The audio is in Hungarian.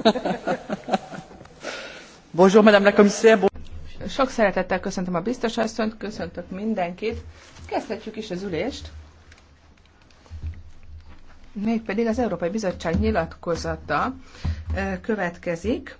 Sok szeretettel köszöntöm a biztos asszonyt, köszöntök mindenkit. Kezdhetjük is az ülést. Mégpedig az Európai Bizottság nyilatkozata eh, következik.